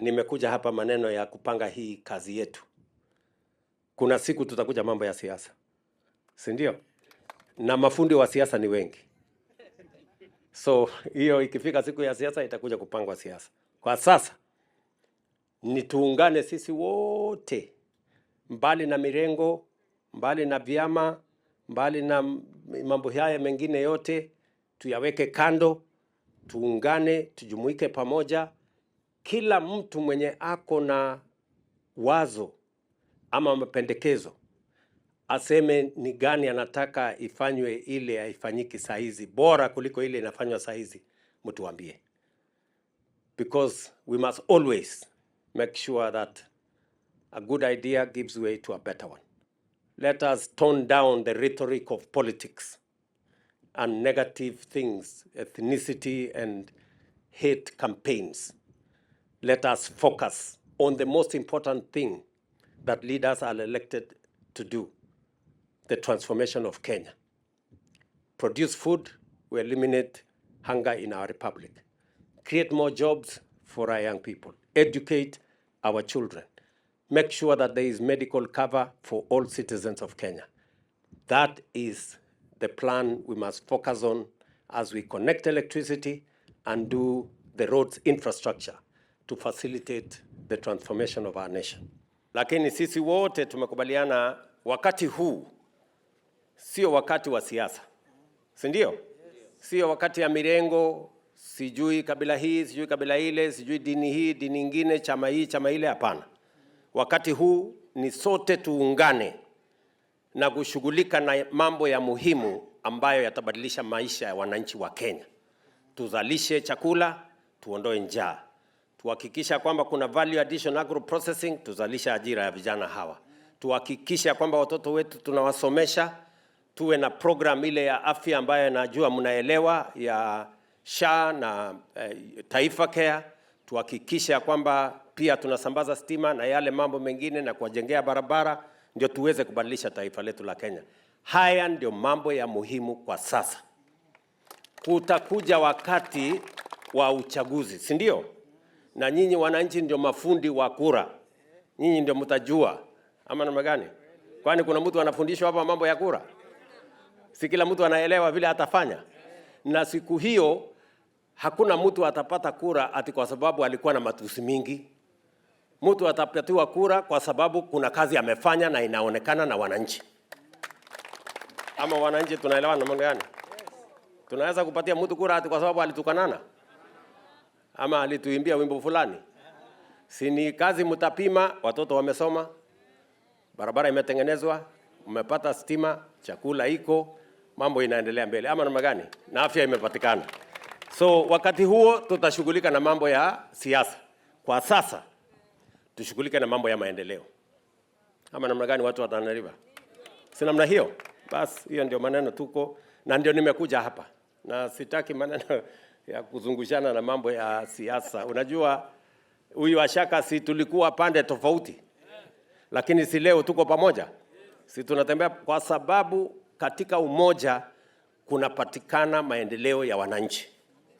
Nimekuja hapa maneno ya kupanga hii kazi yetu. Kuna siku tutakuja mambo ya siasa, si ndio? Na mafundi wa siasa ni wengi, so hiyo ikifika siku ya siasa itakuja kupangwa siasa. Kwa sasa ni tuungane sisi wote, mbali na mirengo, mbali na vyama, mbali na mambo haya mengine yote, tuyaweke kando, tuungane, tujumuike pamoja kila mtu mwenye ako na wazo ama mapendekezo aseme ni gani anataka ifanywe ile haifanyiki saizi bora kuliko ile inafanywa saizi hizi, mtuambie, because we must always make sure that a good idea gives way to a better one. Let us tone down the rhetoric of politics and negative things, ethnicity and hate campaigns let us focus on the most important thing that leaders are elected to do the transformation of Kenya. Produce food, we eliminate hunger in our republic. Create more jobs for our young people. Educate our children. Make sure that there is medical cover for all citizens of Kenya. That is the plan we must focus on as we connect electricity and do the roads infrastructure. to facilitate the transformation of our nation. Lakini sisi wote tumekubaliana wakati huu sio wakati wa siasa, si ndio? Sio wakati ya mirengo, sijui kabila hii, sijui kabila ile, sijui dini hii, dini nyingine, chama hii, chama ile. Hapana, wakati huu ni sote tuungane na kushughulika na mambo ya muhimu ambayo yatabadilisha maisha ya wananchi wa Kenya. Tuzalishe chakula, tuondoe njaa tuhakikisha kwamba kuna value addition agro processing, tuzalisha ajira ya vijana hawa, tuhakikisha kwamba watoto wetu tunawasomesha, tuwe na program ile ya afya ambayo najua mnaelewa ya SHA na eh, Taifa Care, tuhakikisha kwamba pia tunasambaza stima na yale mambo mengine na kuwajengea barabara, ndio tuweze kubadilisha taifa letu la Kenya. Haya ndio mambo ya muhimu kwa sasa. Kutakuja wakati wa uchaguzi, si ndio? na nyinyi wananchi ndio mafundi wa kura, nyinyi ndio mtajua ama namna gani? Kwani kuna mtu anafundishwa hapa mambo ya kura? Si kila mtu anaelewa vile atafanya. Na siku hiyo hakuna mtu atapata kura ati kwa sababu alikuwa na matusi mingi. Mtu atapatiwa kura kwa sababu kuna kazi amefanya na inaonekana na wananchi. Ama wananchi tunaelewana namna gani? Tunaweza kupatia mtu kura ati kwa sababu alitukanana? ama alituimbia wimbo fulani, si ni kazi mtapima, watoto wamesoma, barabara imetengenezwa, mmepata stima, chakula iko, mambo inaendelea mbele, ama namna gani? Na afya imepatikana. So wakati huo tutashughulika na mambo ya siasa. Kwa sasa tushughulike na mambo ya maendeleo, ama namna gani? Watu watanariva si namna hiyo? Basi hiyo ndio maneno tuko na, ndio nimekuja hapa na sitaki maneno ya kuzungushana na mambo ya siasa. Unajua huyu Washaka, si tulikuwa pande tofauti, lakini si leo tuko pamoja, si tunatembea kwa sababu katika umoja kunapatikana maendeleo ya wananchi.